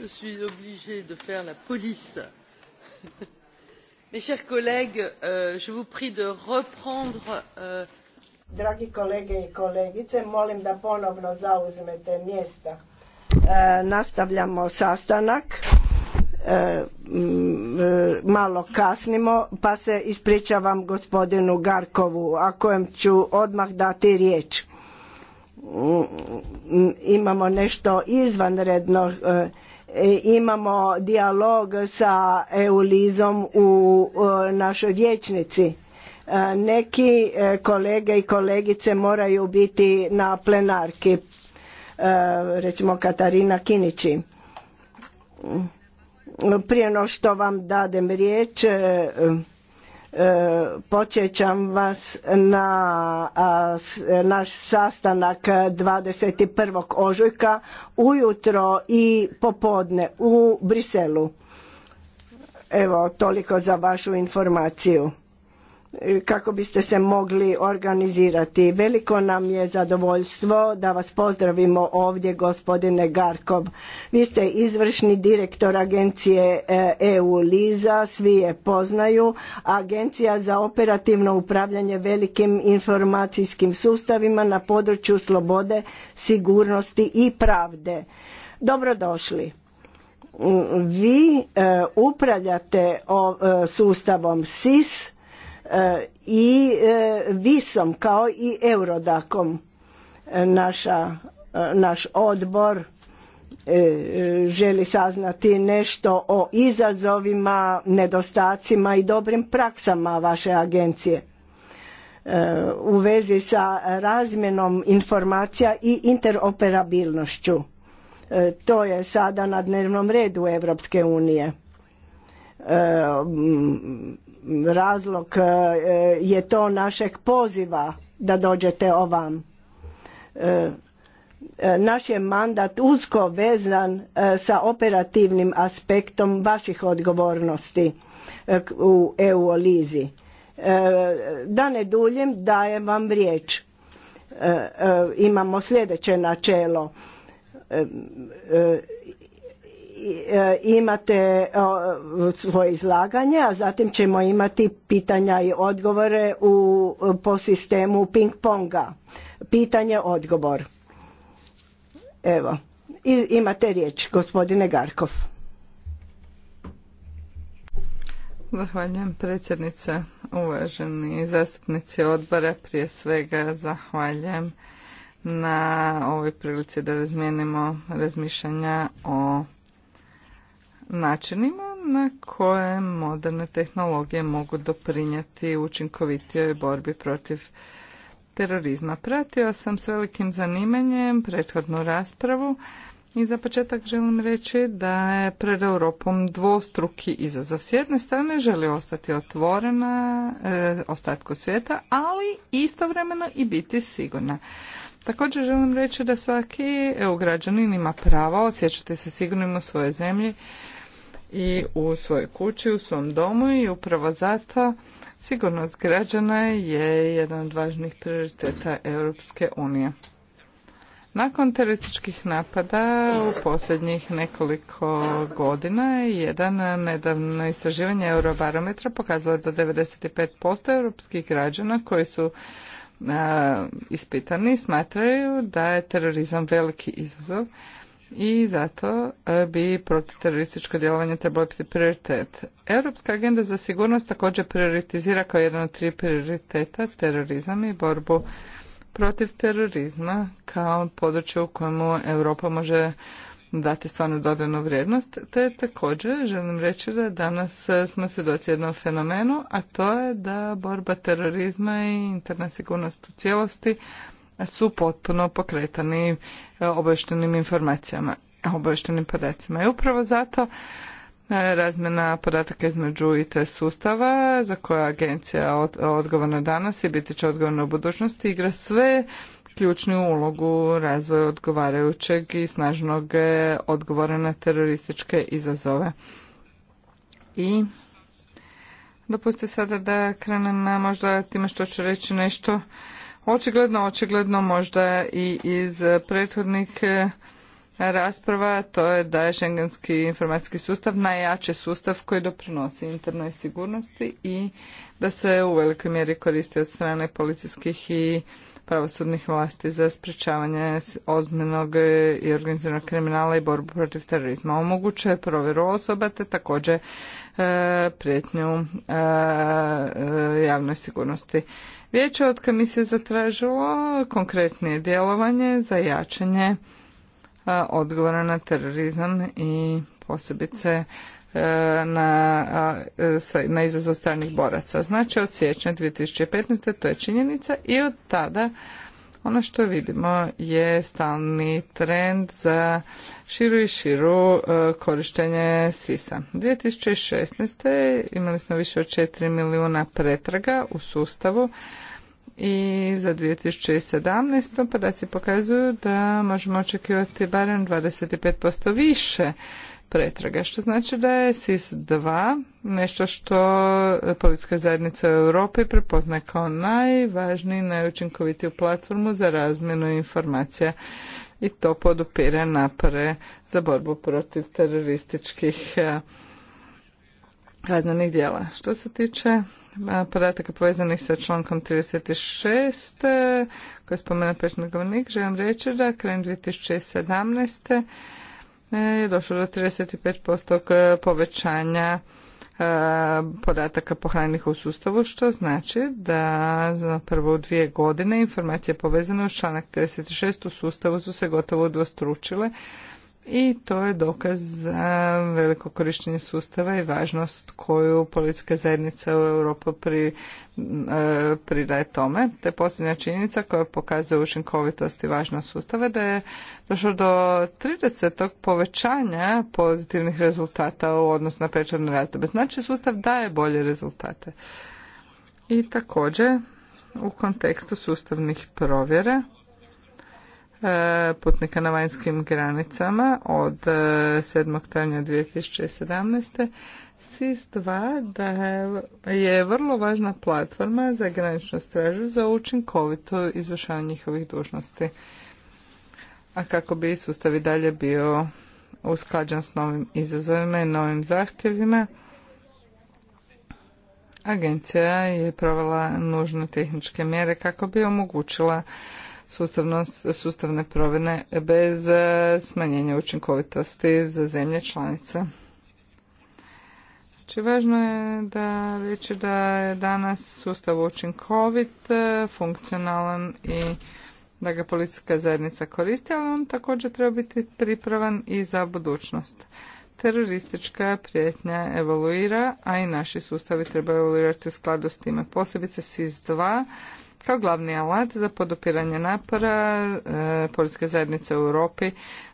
je suis obligée de faire la police. mes chers collègues euh, je vous prie de reprendre euh, dragi kolege i kolegice molim da ponovno zauzmete mjesta e, nastavljamo sastanak e, e, malo kasnimo pa se ispričavam gospodinu Garkovu a kojem ću odmah dati riječ imamo nešto izvanredno E, imamo dijalog sa Eulizom u našoj vječnici. E, neki e, kolege i kolegice moraju biti na plenarki, recimo Katarina Kinići. Prije no što vam dadem riječ, E, podsjećam vas na naš sastanak 21. ožujka ujutro i popodne u Briselu. Evo, toliko za vašu informaciju kako biste se mogli organizirati. Veliko nam je zadovoljstvo da vas pozdravimo ovdje gospodine Garkov. Vi ste izvršni direktor agencije EU eh, e Liza, svi je poznaju, agencija za operativno upravljanje velikim informacijskim sustavima na području slobode, sigurnosti i pravde. Dobrodošli mm, vi eh, upravljate eh, sustavom SIS i e, visom kao i eurodakom naša e, naš odbor e, želi saznati nešto o izazovima, nedostacima i dobrim praksama vaše agencije u vezi sa razmjenom informacija i interoperabilnošću. To je sada na dnevnom redu Europske unije razlog e, je to našeg poziva da dođete ovam. E, e, naš je mandat usko vezan sa operativnim aspektom vaših odgovornosti u EU Olizi. Da ne duljem, dajem vam riječ. Imamo sljedeće načelo E, imate svoje izlaganje, a zatim ćemo imati pitanja i odgovore u, po sistemu ping-ponga. Pitanje, odgovor. Evo, imate riječ, gospodine Garkov. Zahvaljujem predsjednice, uvaženi zastupnici odbora. Prije svega zahvaljujem na ovoj prilici da razmijenimo razmišljanja o načinima na koje moderne tehnologije mogu doprinijeti učinkovitijoj borbi protiv terorizma. Pratio sam s velikim zanimanjem prethodnu raspravu i za početak želim reći da je pred Europom dvostruki izazov. S jedne strane želi ostati otvorena e, ostatku svijeta, ali istovremeno i biti sigurna. Također želim reći da svaki EU građanin ima pravo osjećati se sigurnim u svojoj zemlji i u svojoj kući, u svom domu i upravo zato sigurnost građana je jedan od važnih prioriteta Europske unije. Nakon terorističkih napada u posljednjih nekoliko godina jedan nedavno istraživanje Eurobarometra pokazalo da 95% europskih građana koji su ispitani smatraju da je terorizam veliki izazov i zato e, bi protiterorističko djelovanje trebalo biti prioritet. Europska agenda za sigurnost također prioritizira kao jedan od tri prioriteta terorizam i borbu protiv terorizma kao područje u kojemu Europa može dati stvarno dodanu vrijednost, te također želim reći da danas e, smo svjedoci jednom fenomenu, a to je da borba terorizma i interna sigurnost u cijelosti su potpuno pokretani e, obavještenim informacijama, obavještenim podacima. I upravo zato e, razmjena podataka između IT sustava za koje agencija odgovorna danas i biti će odgovorna u budućnosti igra sve ključnu ulogu razvoju odgovarajućeg i snažnog e, odgovora na terorističke izazove. I dopustite sada da krenem e, možda time što ću reći nešto očigledno, očigledno možda i iz prethodnih e, rasprava, to je da je šengenski informacijski sustav najjači sustav koji doprinosi internoj sigurnosti i da se u velikoj mjeri koristi od strane policijskih i pravosudnih vlasti za sprečavanje ozbiljnog e, i organiziranog kriminala i borbu protiv terorizma. Omogućuje provjeru osoba te također e, prijetnju e, javnoj sigurnosti. Vijeće od komisije zatražilo konkretnije djelovanje za jačanje odgovora na terorizam i posebice E, na, e, na izazov stranih boraca. Znači od siječnja 2015. to je činjenica i od tada ono što vidimo je stalni trend za širu i širu e, korištenje sis 2016. imali smo više od 4 milijuna pretraga u sustavu i za 2017. podaci pokazuju da možemo očekivati barem 25% više pretraga, što znači da je SIS-2 nešto što politička zajednica u Europi prepozna kao najvažniji najučinkovitiju platformu za razmjenu informacija i to podupire napore za borbu protiv terorističkih e, kaznenih djela. Što se tiče e, podataka povezanih sa člankom 36 e, koji je spomenuo govornik, želim reći da krajem 2017 je došlo do 35% povećanja e, podataka pohranjenih u sustavu, što znači da za prvo dvije godine informacije povezane u članak 36 u sustavu su se gotovo udvostručile, i to je dokaz za veliko korištenje sustava i važnost koju policijska zajednica u Europu pri, e, pridaje tome. Te posljednja činjenica koja pokazuje učinkovitost i važnost sustava da je došlo do 30. povećanja pozitivnih rezultata u odnosu na prethodno razdoblje. Znači sustav daje bolje rezultate. I također u kontekstu sustavnih provjera E, putnika na vanjskim granicama od 7. E, travnja 2017. SIS-2 da je vrlo važna platforma za graničnu stražu za učinkovito izvršavanje njihovih dužnosti. A kako bi sustav i dalje bio usklađen s novim izazovima i novim zahtjevima, agencija je provela nužne tehničke mjere kako bi omogućila sustavne provjene bez e, smanjenja učinkovitosti za zemlje članice. Znači, važno je da reći da je danas sustav učinkovit, e, funkcionalan i da ga policijska zajednica koristi, ali on također treba biti pripravan i za budućnost. Teroristička prijetnja evoluira, a i naši sustavi treba evoluirati u skladu s time. Posebice SIS-2 kao glavni alat za podupiranje napora e, poljske zajednice u Europi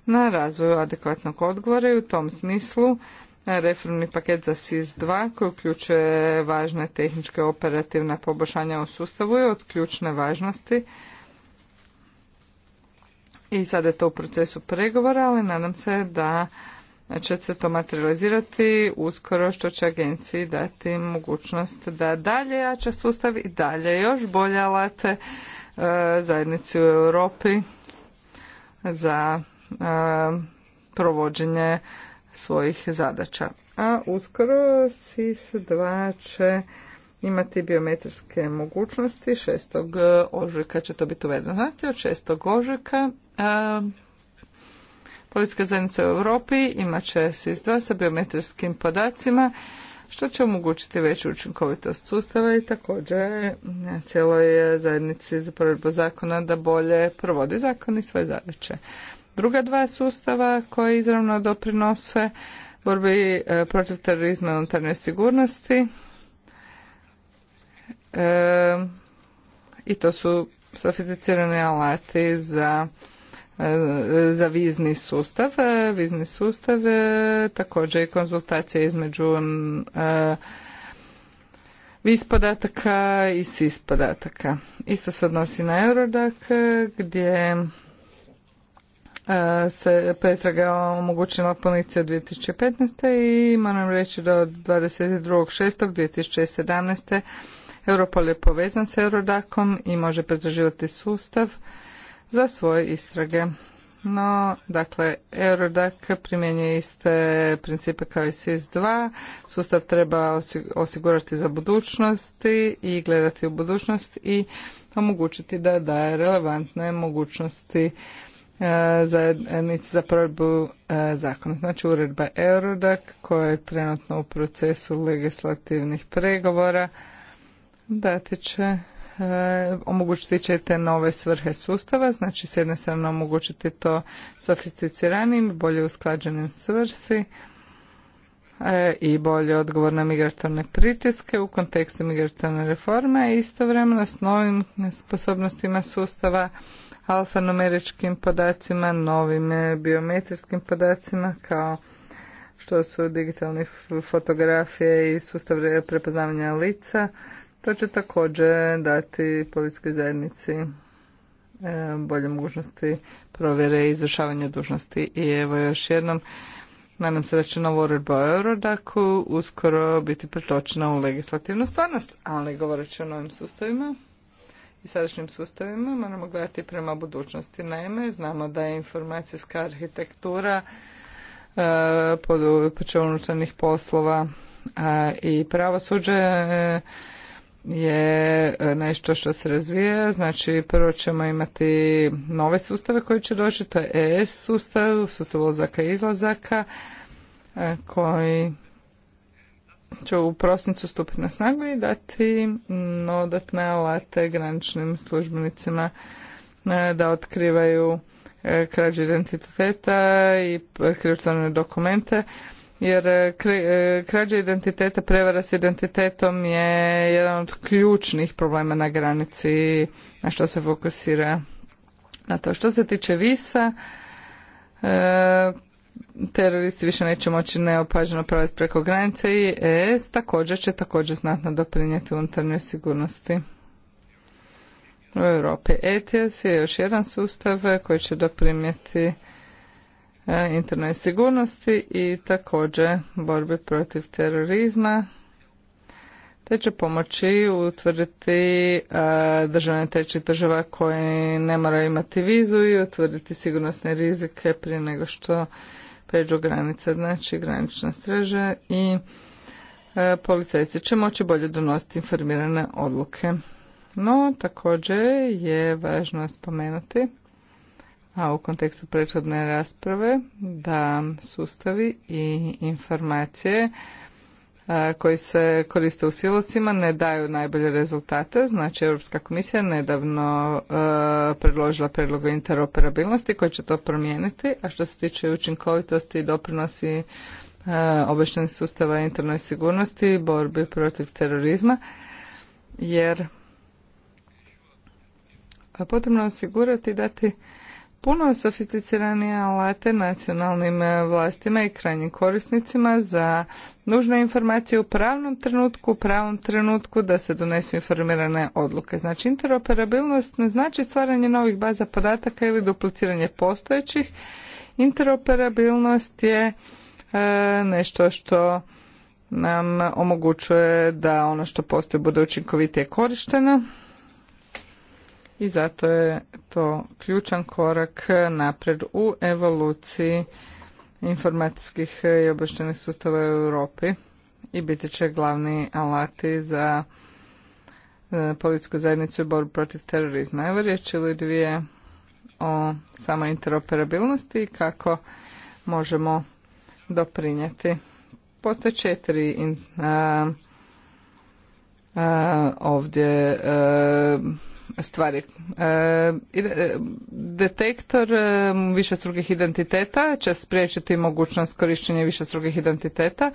na razvoju adekvatnog odgovora i u tom smislu e, reformni paket za SIS-2 koji uključuje važne tehničke operativna poboljšanja u sustavu je od ključne važnosti i sada je to u procesu pregovora, ali nadam se da Znači, će se to materializirati uskoro što će agenciji dati mogućnost da dalje jača sustav i dalje još bolje alate e, zajednici u Europi za e, provođenje svojih zadaća. A uskoro SIS-2 će imati biometrijske mogućnosti. 6. ožujka će to biti uvedeno. Znači od 6. ožujka e, Policijska zajednica u Europi imat će SIS-2 sa biometrijskim podacima što će omogućiti veću učinkovitost sustava i također cijeloj e, zajednici za provedbu zakona da bolje provodi zakon i svoje zadaće. Druga dva sustava koje izravno doprinose borbi e, protiv terorizma i unutarnje sigurnosti e, i to su sofisticirani alati za za vizni sustav. Vizni sustav e, također i konzultacija između e, VIS podataka i SIS podataka. Isto se odnosi na Eurodak gdje e, se pretraga omogućila policija 2015. i moram reći da od 22.6.2017. Europol je povezan s Eurodakom i može pretraživati sustav za svoje istrage. No, dakle, Eurodac primjenjuje iste principe kao i SIS-2. Sustav treba osigurati za budućnosti i gledati u budućnost i omogućiti da daje relevantne mogućnosti e, zajednici za provedbu e, zakona. Znači uredba Eurodac koja je trenutno u procesu legislativnih pregovora dati će E, omogućiti ćete nove svrhe sustava, znači s jedne strane omogućiti to sofisticiranim, bolje usklađenim svrsi e, i bolje odgovor na migratorne pritiske u kontekstu migratorne reforme, i istovremeno s novim sposobnostima sustava, alfanumeričkim podacima, novim e, biometrijskim podacima kao što su digitalne fotografije i sustav prepoznavanja lica, to će također dati policijskoj zajednici e, bolje mogućnosti provjere i izvršavanja dužnosti. I evo još jednom, nadam se da će nova uredba o Eurodaku uskoro biti pretočena u legislativnu stvarnost, ali govoreći o novim sustavima i sadašnjim sustavima moramo gledati prema budućnosti. Naime, znamo da je informacijska arhitektura e, pod unutarnjih poslova i pravosuđe e, je e, nešto što se razvija. Znači, prvo ćemo imati nove sustave koji će doći, to je ES sustav, sustav ulazaka i izlazaka, e, koji će u prosincu stupiti na snagu i dati dodatne alate graničnim službenicima e, da otkrivaju krađe identiteta i kriptovane dokumente jer e, e, krađa identiteta, prevara s identitetom je jedan od ključnih problema na granici na što se fokusira na to. Što se tiče visa, e, teroristi više neće moći neopaženo provesti preko granice i ES također će također znatno doprinijeti unutarnjoj sigurnosti u Europi. ETS je još jedan sustav koji će doprinijeti E, internoj sigurnosti i također borbi protiv terorizma te će pomoći utvrditi e, državne trećih država koje ne moraju imati vizu i utvrditi sigurnosne rizike prije nego što pređu granice, znači granična streže i e, policajci će moći bolje donositi informirane odluke. No, također je važno spomenuti a u kontekstu prethodne rasprave da sustavi i informacije koji se koriste u silocima ne daju najbolje rezultate. Znači, Europska komisija nedavno predložila predlog interoperabilnosti koji će to promijeniti, a što se tiče učinkovitosti i doprinosi obeštenih sustava internoj sigurnosti i borbi protiv terorizma, jer potrebno osigurati i dati puno sofisticiranije alate nacionalnim e, vlastima i krajnjim korisnicima za nužne informacije u pravnom trenutku, u pravom trenutku da se donesu informirane odluke. Znači interoperabilnost ne znači stvaranje novih baza podataka ili dupliciranje postojećih. Interoperabilnost je e, nešto što nam omogućuje da ono što postoji bude učinkovitije korišteno i zato je to ključan korak napred u evoluciji informacijskih i obavještajnih sustava u Europi i biti će glavni alati za e, policijsku zajednicu i borbu protiv terorizma. Evo riječ ili dvije o samo interoperabilnosti i kako možemo doprinijeti. Postoje četiri ovdje e, stvari. E, e, detektor e, višestrukih identiteta će spriječiti mogućnost korištenja višestrukih identiteta.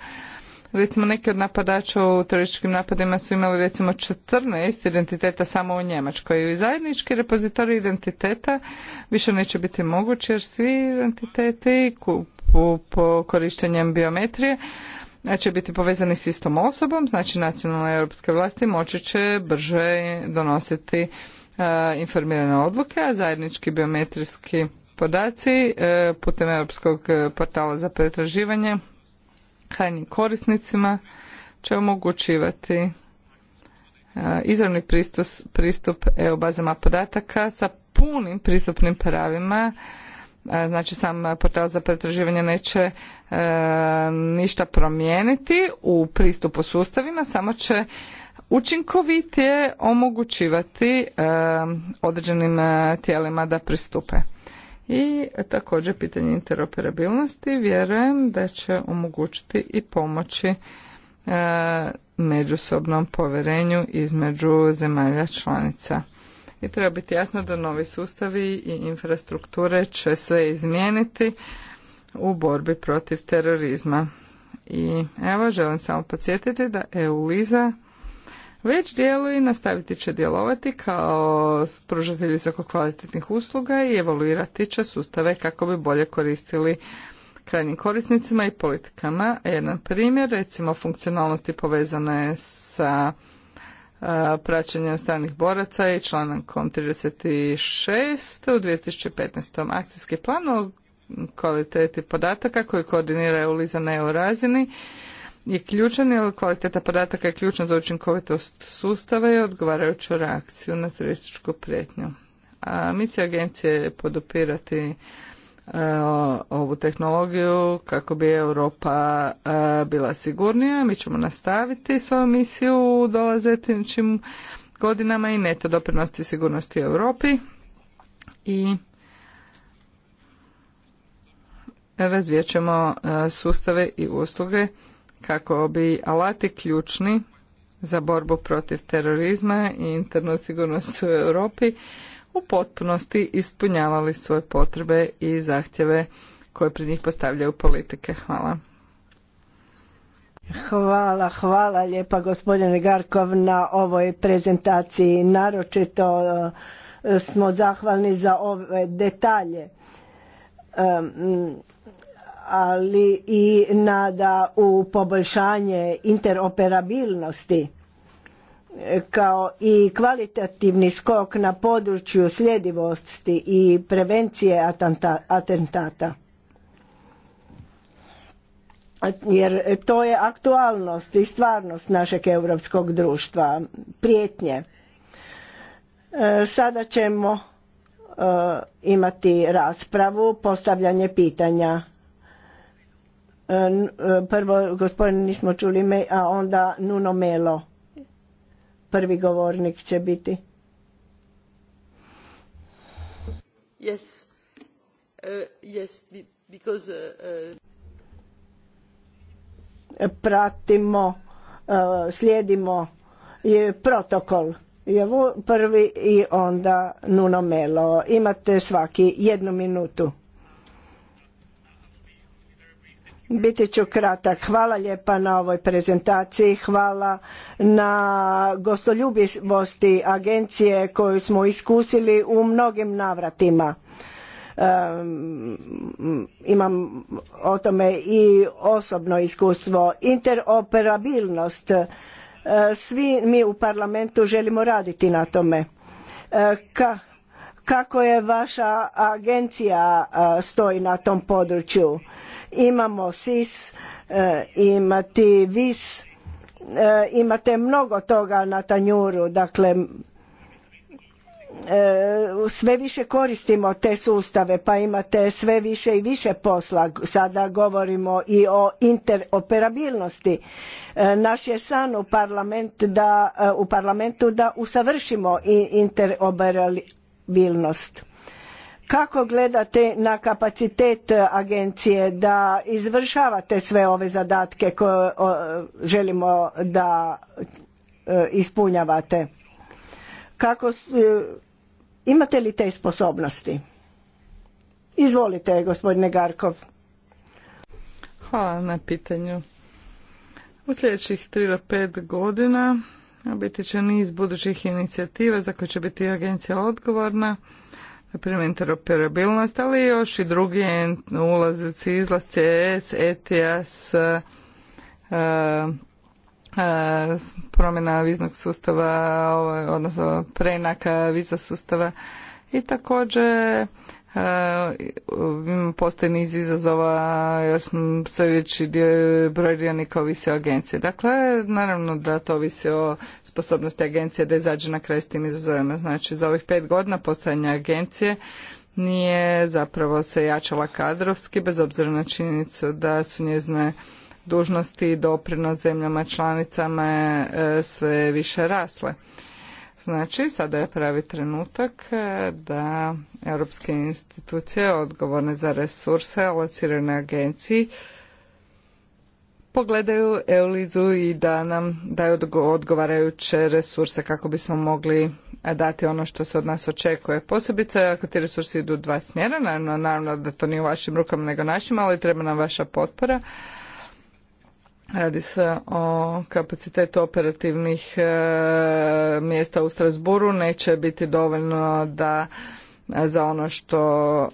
Recimo neki od napadača u terorističkim napadima su imali recimo 14 identiteta samo u Njemačkoj. I zajednički repozitorij identiteta više neće biti mogući jer svi identiteti po korištenjem biometrije Znači, će biti povezani s istom osobom, znači nacionalne europske vlasti moći će brže donositi e, informirane odluke, a zajednički biometrijski podaci e, putem Europskog e, portala za pretraživanje krajnjim korisnicima će omogućivati izravni pristup, pristup EU bazama podataka sa punim pristupnim pravima E, znači sam portal za pretraživanje neće e, ništa promijeniti u pristupu sustavima, samo će učinkovitije omogućivati e, određenim tijelima da pristupe. I također pitanje interoperabilnosti vjerujem da će omogućiti i pomoći međusobnom povjerenju između zemalja članica i treba biti jasno da novi sustavi i infrastrukture će sve izmijeniti u borbi protiv terorizma. I evo, želim samo podsjetiti da EU-LIZA već djeluje i nastaviti će djelovati kao pružatelj visoko kvalitetnih usluga i evoluirati će sustave kako bi bolje koristili krajnjim korisnicima i politikama. Jedan primjer, recimo funkcionalnosti povezane sa E, praćenja stranih boraca i člankom 36 u 2015. akcijski plan o kvaliteti podataka koji koordinira uliza na EU razini je ključan jer kvaliteta podataka je ključna za učinkovitost sustava i odgovarajuću reakciju na turističku prijetnju. A misija agencije je podupirati ovu tehnologiju kako bi Europa e, bila sigurnija. Mi ćemo nastaviti svoju misiju u dolazetim godinama i neto doprinosti sigurnosti u Europi i razvijat ćemo e, sustave i usluge kako bi alati ključni za borbu protiv terorizma i internu sigurnost u Europi u potpunosti ispunjavali svoje potrebe i zahtjeve koje pred njih postavljaju politike. Hvala. Hvala, hvala lijepa gospodine Garkov na ovoj prezentaciji. Naročito e, smo zahvalni za ove detalje, ali i nada u poboljšanje interoperabilnosti kao i kvalitativni skok na području sljedivosti i prevencije atentata. Jer to je aktualnost i stvarnost našeg europskog društva, prijetnje. E, sada ćemo e, imati raspravu, postavljanje pitanja. E, prvo gospodin nismo čuli, a onda Nuno Melo prvi govornik će biti. Yes. Uh, yes, because, uh, uh, Pratimo, uh, slijedimo je protokol. Je prvi i onda Nuno Melo. Imate svaki jednu minutu. Biti ću kratak. Hvala lijepa na ovoj prezentaciji. Hvala na gostoljubivosti agencije koju smo iskusili u mnogim navratima. imam o tome i osobno iskustvo. Interoperabilnost. E, svi mi u parlamentu želimo raditi na tome. E, kako je vaša agencija e, stoji na tom području? imamo SIS, e, imati VIS, e, imate mnogo toga na tanjuru, dakle e, sve više koristimo te sustave pa imate sve više i više posla sada govorimo i o interoperabilnosti naš je san u, parlament da, u parlamentu da usavršimo i interoperabilnost kako gledate na kapacitet agencije da izvršavate sve ove zadatke koje želimo da e, ispunjavate? Kako, e, imate li te sposobnosti? Izvolite, gospodine Garkov. Hvala na pitanju. U sljedećih 3 do godina biti će niz budućih inicijativa za koje će biti agencija odgovorna primjer interoperabilnost, ali još i drugi ulazici, izlasci ES, e e, e, s promjena viznog sustava, ovaj, odnosno prenaka viza sustava i također E, postoji niz izazova, još sve veći broj dionika ovisi o agenciji. Dakle, naravno da to ovisi o sposobnosti agencije da izađe na kraj s tim izazovima. Znači, za ovih pet godina postojanja agencije nije zapravo se jačala kadrovski, bez obzira na činjenicu da su njezne dužnosti i doprinos zemljama članicama e, sve više rasle. Znači, sada je pravi trenutak e, da europske institucije odgovorne za resurse alocirane agenciji pogledaju Eulizu i da nam daju odgovarajuće resurse kako bismo mogli dati ono što se od nas očekuje. Posebice ako ti resursi idu dva smjera, naravno da to nije u vašim rukama nego našim, ali treba nam vaša potpora Radi se o kapacitetu operativnih e, mjesta u Strasburu. Neće biti dovoljno da e, za ono što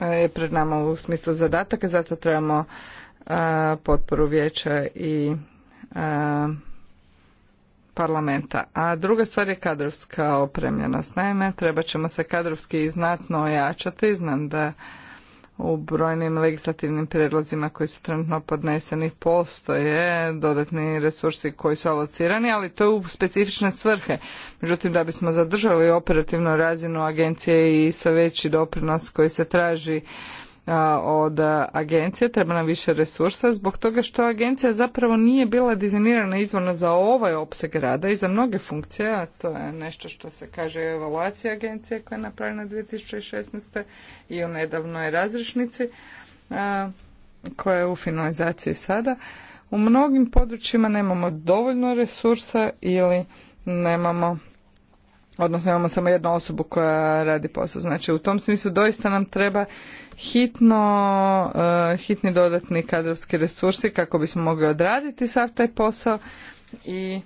e, je pred nama u smislu zadataka, zato trebamo potporu vijeća i parlamenta. A druga stvar je kadrovska opremljenost. Naime, treba ćemo se kadrovski znatno ojačati. Znam da u brojnim legislativnim prijedlozima koji su trenutno podneseni postoje dodatni resursi koji su alocirani, ali to je u specifične svrhe. Međutim, da bismo zadržali operativnu razinu agencije i sve veći doprinos koji se traži od agencije, treba nam više resursa zbog toga što agencija zapravo nije bila dizajnirana izvorno za ovaj opseg rada i za mnoge funkcije, a to je nešto što se kaže evaluacija agencije koja je napravljena 2016. i u nedavnoj razrišnici koja je u finalizaciji sada. U mnogim područjima nemamo dovoljno resursa ili nemamo odnosno imamo samo jednu osobu koja radi posao. Znači u tom smislu doista nam treba hitno, eh, hitni dodatni kadrovski resursi kako bismo mogli odraditi sav taj posao i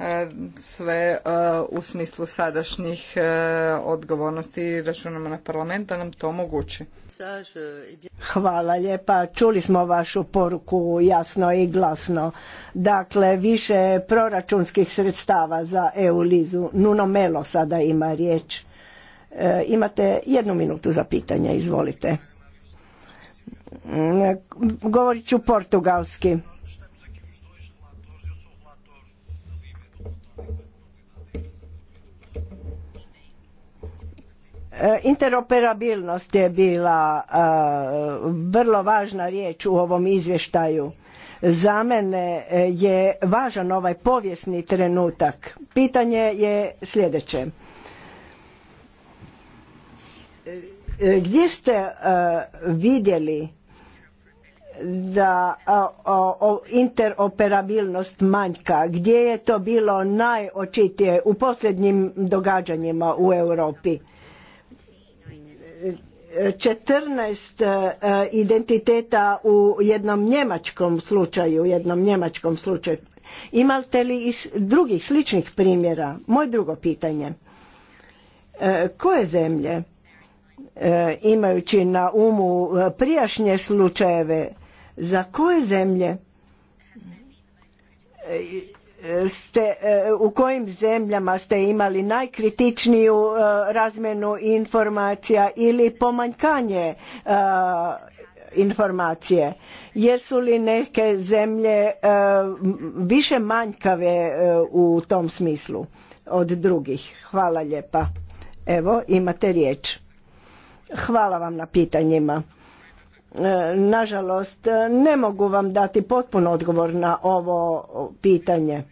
E, sve e, u smislu sadašnjih e, odgovornosti i računamo na parlament da nam to omogući. Hvala lijepa. Čuli smo vašu poruku jasno i glasno. Dakle, više proračunskih sredstava za EU-lizu. Nuno Melo sada ima riječ. Imate jednu minutu za pitanje, izvolite. Govorit ću portugalski E, interoperabilnost je bila e, vrlo važna riječ u ovom izvještaju. Za mene e, je važan ovaj povijesni trenutak. Pitanje je sljedeće. Gdje ste vidjeli da interoperabilnost manjka? Gdje je to bilo najočitije u posljednjim događanjima u Europi? 14 e, identiteta u jednom njemačkom slučaju, jednom njemačkom slučaju. Imate li i drugih sličnih primjera? Moje drugo pitanje. E, koje zemlje, e, imajući na umu prijašnje slučajeve, za koje zemlje E, u kojim zemljama ste imali najkritičniju e, razmjenu informacija ili pomanjkanje e, informacije jesu li neke zemlje više manjkave u tom smislu od drugih hvala lijepa evo imate riječ hvala vam na pitanjima E, nažalost, ne mogu vam dati potpuno odgovor na ovo pitanje.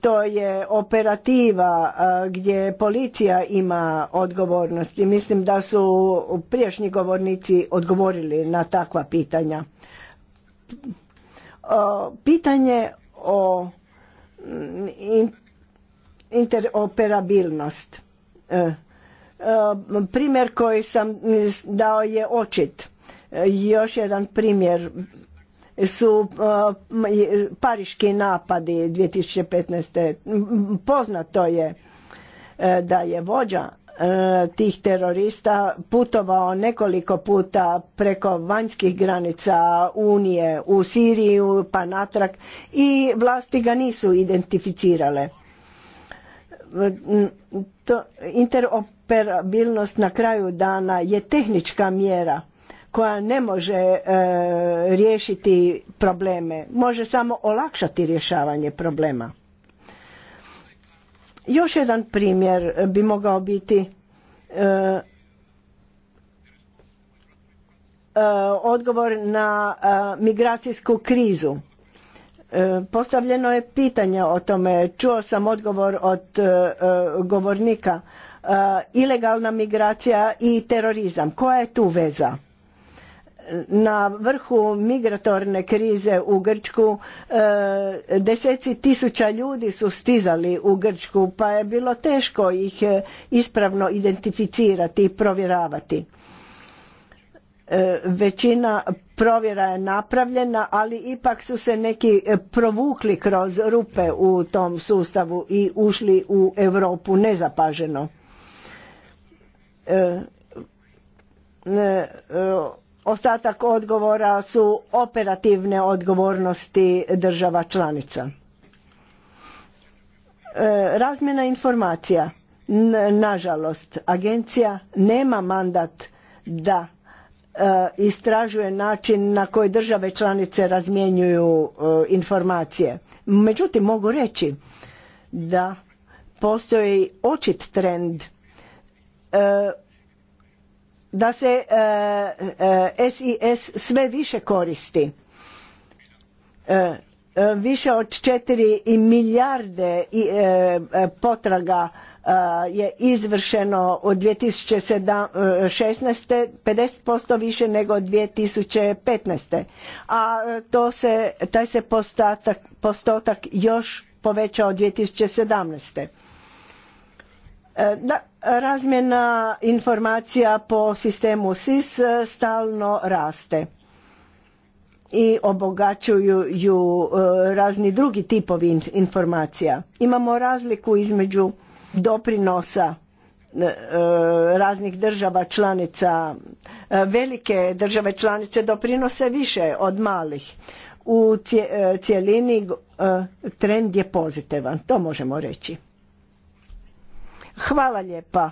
To je operativa e, gdje policija ima odgovornost i mislim da su prijašnji govornici odgovorili na takva pitanja. Pitanje o mm, interoperabilnost. E, primjer koji sam dao je očit još jedan primjer su e, pariški napadi 2015. Poznato je e, da je vođa e, tih terorista putovao nekoliko puta preko vanjskih granica Unije u Siriju pa natrag i vlasti ga nisu identificirale. To interoperabilnost na kraju dana je tehnička mjera koja ne može e, riješiti probleme može samo olakšati rješavanje problema još jedan primjer bi mogao biti e, e, odgovor na migracijsku krizu postavljeno je pitanje o tome čuo sam odgovor od govornika ilegalna migracija i terorizam koja je tu veza na vrhu migratorne krize u Grčku e, deseci tisuća ljudi su stizali u Grčku pa je bilo teško ih e, ispravno identificirati i provjeravati. E, većina provjera je napravljena, ali ipak su se neki provukli kroz rupe u tom sustavu i ušli u Europu nezapaženo Ostatak odgovora su operativne odgovornosti država članica. E, razmjena informacija. Nažalost, agencija nema mandat da e, istražuje način na koji države članice razmjenjuju e, informacije. Međutim, mogu reći da postoji očit trend da se SIS e, e, sve više koristi. E, više od 4 milijarde potraga je izvršeno od 2016. 50% više nego 2015. A to se, taj se postotak još povećao od 2017. Da, Razmjena informacija po sistemu SIS e, stalno raste i obogaćuju e, razni drugi tipovi informacija. Imamo razliku između doprinosa e, raznih država članica. Velike države članice doprinose više od malih. U cjelini trend je pozitivan, to možemo reći. Hvala lijepa.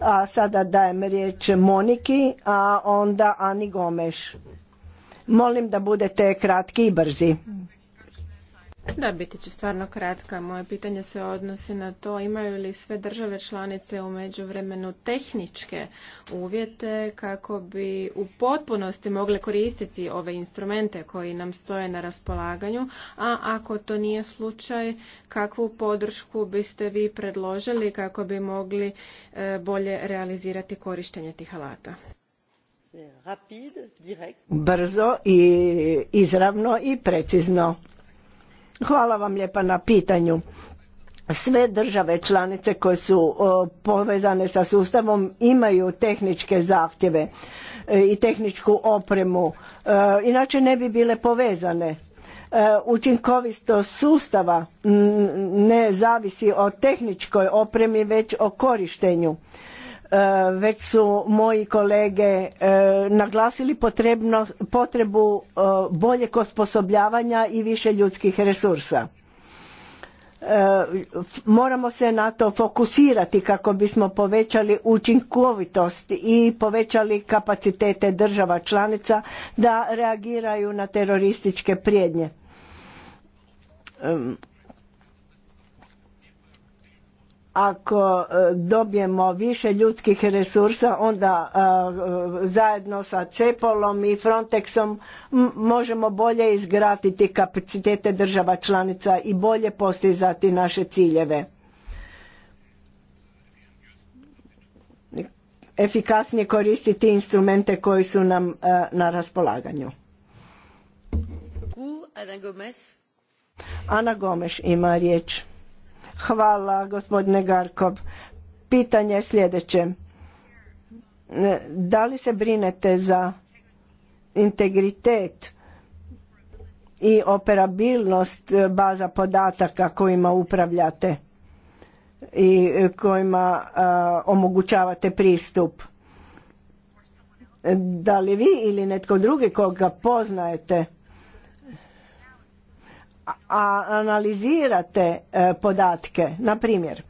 A sada dajem riječ Moniki, a onda Ani Gomeš. Molim da budete kratki i brzi. Da, biti ću stvarno kratka. Moje pitanje se odnosi na to imaju li sve države članice u međuvremenu tehničke uvjete kako bi u potpunosti mogle koristiti ove instrumente koji nam stoje na raspolaganju, a ako to nije slučaj, kakvu podršku biste vi predložili kako bi mogli e, bolje realizirati korištenje tih alata? Brzo i izravno i precizno. Hvala vam lijepa na pitanju. Sve države članice koje su povezane sa sustavom imaju tehničke zahtjeve e, i tehničku opremu. E, inače ne bi bile povezane. E, učinkovitost sustava ne zavisi o tehničkoj opremi već o korištenju E, već su moji kolege e, naglasili potrebu e, boljeg osposobljavanja i više ljudskih resursa. Moramo se na to fokusirati kako bismo povećali učinkovitost i povećali kapacitete država članica da reagiraju na terorističke prijednje ako e, dobijemo više ljudskih resursa onda e, zajedno sa Cepolom i Frontexom možemo bolje izgraditi kapacitete država članica i bolje postizati naše ciljeve. Efikasnije koristiti instrumente koji su nam e, na raspolaganju. Ana Gomes ima riječ. Hvala gospodine Garkov. Pitanje je sljedeće. Da li se brinete za integritet i operabilnost baza podataka kojima upravljate i kojima omogućavate pristup? Da li vi ili netko drugi koga poznajete a analizirate e, podatke, na primjer,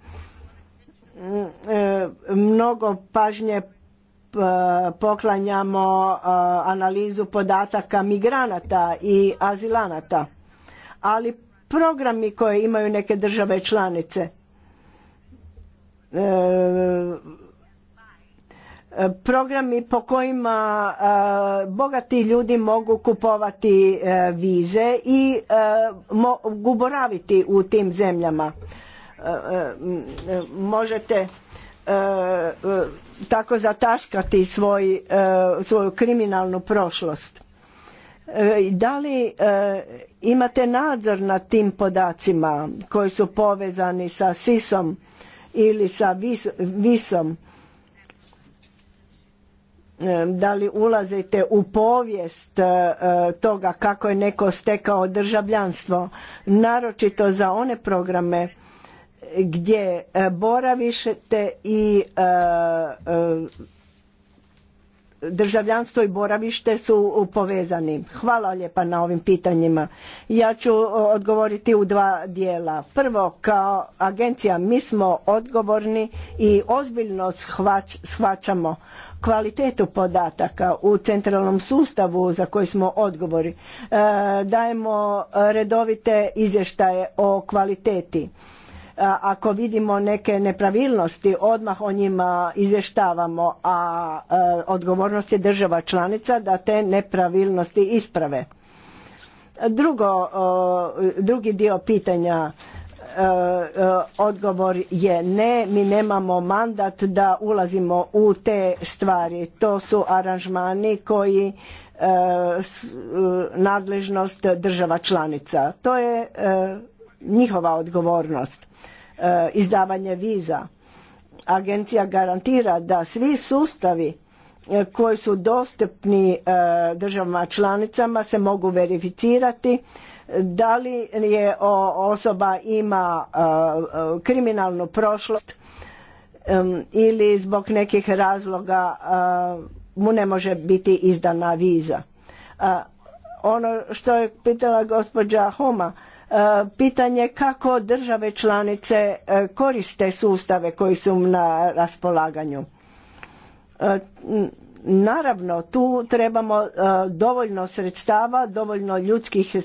e, mnogo pažnje e, poklanjamo analizu podataka migranata i azilanata, ali programi koje imaju neke države članice E, programi po kojima e, bogati ljudi mogu kupovati e, vize i mogu boraviti u tim zemljama. Možete tako zataškati svoj, svoju kriminalnu prošlost. Da li imate nadzor nad tim podacima koji su povezani sa SIS-om ili sa vis da li ulazite u povijest e, e, toga kako je neko stekao državljanstvo naročito za one programe gdje e, boravište i državljanstvo i boravište su povezani. Hvala lijepa na ovim pitanjima. Ja ću e, odgovoriti u dva dijela. Prvo, kao agencija mi smo odgovorni i ozbiljno shvaćamo kvalitetu podataka u centralnom sustavu za koji smo odgovori. E, dajemo redovite izvještaje o kvaliteti ako vidimo neke nepravilnosti odmah o njima izvještavamo a e, odgovornost je država članica da te nepravilnosti isprave drugi dio pitanja e, e, odgovor je ne mi nemamo mandat da ulazimo u te stvari to su aranžmani koji nadležnost država članica to je njihova odgovornost e, izdavanje viza agencija garantira da svi sustavi e, koji su dostupni e, državama članicama se mogu verificirati da li je osoba ima kriminalnu prošlost ili zbog nekih razloga mu ne može biti izdana viza. Ono što je pitala gospođa Homa, E, pitanje kako države članice e, koriste sustave koji su na raspolaganju. E, naravno, tu trebamo dovoljno sredstava, dovoljno ljudskih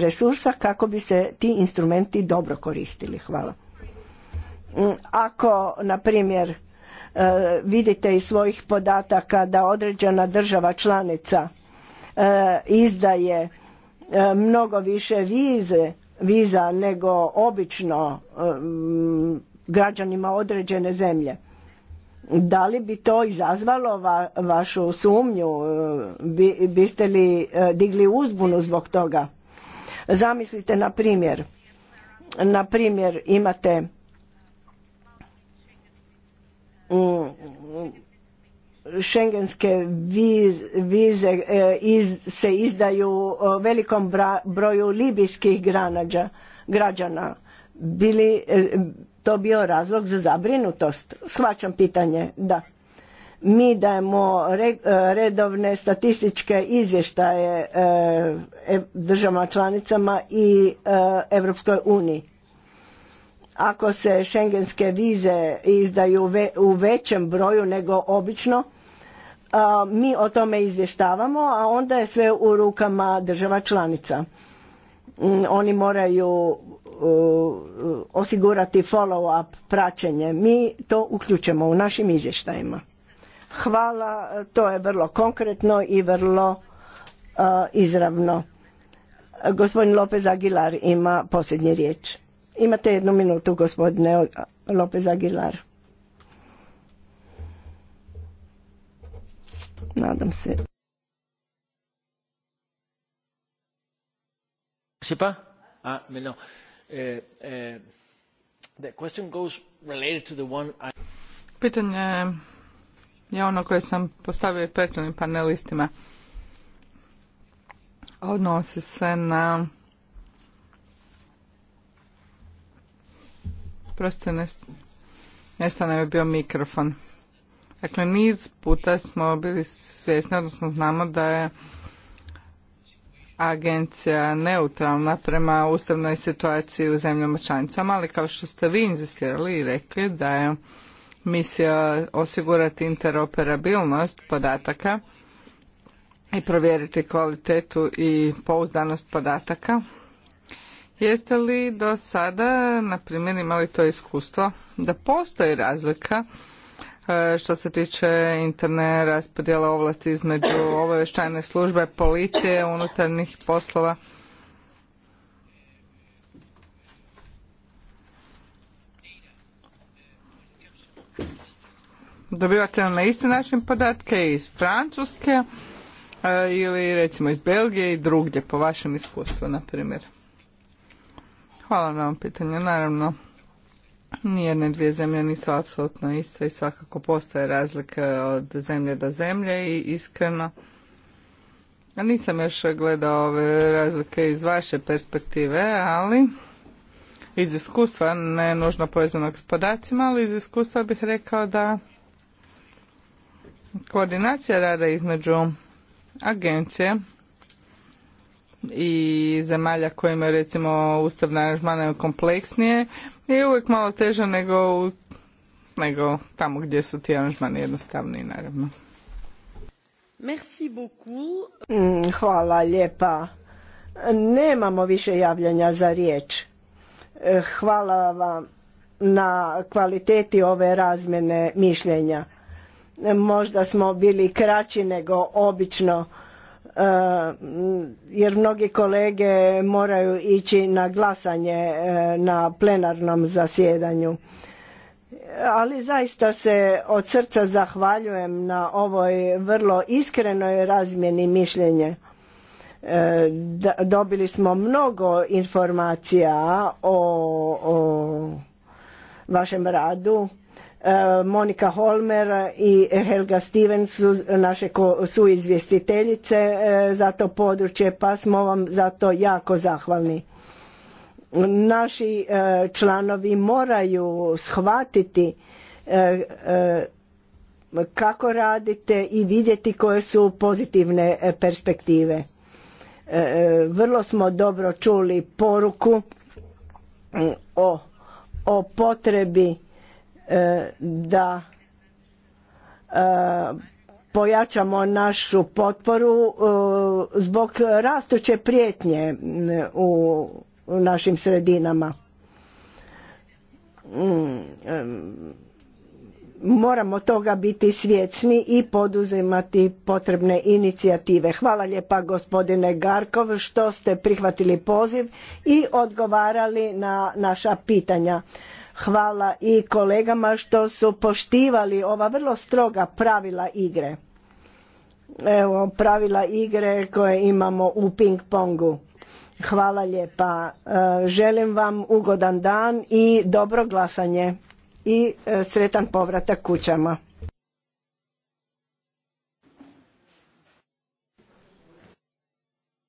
resursa kako bi se ti instrumenti dobro koristili. Hvala. Mm, ako, na primjer, vidite iz svojih podataka da određena država članica izdaje mnogo više vize viza nego obično građanima određene zemlje. Da li bi to izazvalo vašu sumnju? biste li e, digli uzbunu zbog toga? Zamislite na primjer, na primjer imate mm, Schengenske vize e, se izdaju e, velikom broju libijskih građana. Bili e, to bio razlog za zabrinutost? Shvaćam pitanje, da. Mi dajemo redovne statističke izvještaje državama članicama i Europskoj uniji. Ako se Schengenske vize izdaju u većem broju nego obično, mi o tome izvještavamo, a onda je sve u rukama država članica. Mm, oni moraju osigurati follow-up praćenje. Mi to uključujemo u našim izvještajima. Hvala, to je vrlo konkretno i vrlo izravno. Gospodin Lopez Aguilar ima posljednje riječ. Imate jednu minutu, gospodine Lopez Aguilar. nadam se. Sipa? A, ah, eh, eh, the question goes related to the one I... Pitanje je ono koje sam postavio prethodnim panelistima. Odnosi se na Prosto nestane mi bio mikrofon. Dakle, niz puta smo bili svjesni, odnosno znamo da je agencija neutralna prema ustavnoj situaciji u zemljama članicama, ali kao što ste vi inzistirali i rekli da je misija osigurati interoperabilnost podataka i provjeriti kvalitetu i pouzdanost podataka. Jeste li do sada, na primjer, imali to iskustvo da postoji razlika E, što se tiče interne raspodjela ovlasti između obavještajne službe, policije, unutarnjih poslova. Dobivate na isti način podatke iz Francuske e, ili recimo iz Belgije i drugdje po vašem iskustvu, na primjer. Hvala na ovom pitanju, naravno. Nijedne dvije zemlje nisu apsolutno iste i svakako postoje razlike od zemlje do zemlje i iskreno nisam još gledao ove razlike iz vaše perspektive, ali iz iskustva, ne nužno povezanog s podacima, ali iz iskustva bih rekao da koordinacija rada između agencije i zemalja kojima imaju recimo ustavne aranžmane kompleksnije je uvijek malo teže nego, nego tamo gdje su ti aranžmani jednostavniji, naravno. Merci beaucoup. Mm, hvala lijepa. Nemamo više javljanja za riječ. E, hvala vam na kvaliteti ove razmjene mišljenja. E, možda smo bili kraći nego obično Eh, jer mnogi kolege moraju ići na glasanje eh, na plenarnom zasjedanju. Ali zaista se od srca zahvaljujem na ovoj vrlo iskrenoj razmjeni mišljenja. Eh, dobili smo mnogo informacija o, o vašem radu E, Monika Holmer i Helga Stevens su naše su izvjestiteljice e, za to područje pa smo vam zato jako zahvalni. Naši e, članovi moraju shvatiti kako radite i vidjeti koje su pozitivne perspektive. Vrlo smo dobro čuli poruku mm, o potrebi E, da e, pojačamo našu potporu e, zbog rastuće prijetnje u našim sredinama. Mm, moramo toga biti svjesni i poduzimati potrebne inicijative. Hvala lijepa gospodine Garkov što ste prihvatili poziv i odgovarali na naša pitanja. Hvala i kolegama što su poštivali ova vrlo stroga pravila igre. Evo, pravila igre koje imamo u ping-pongu. Hvala lijepa. E, želim vam ugodan dan i dobro glasanje i e, sretan povratak kućama.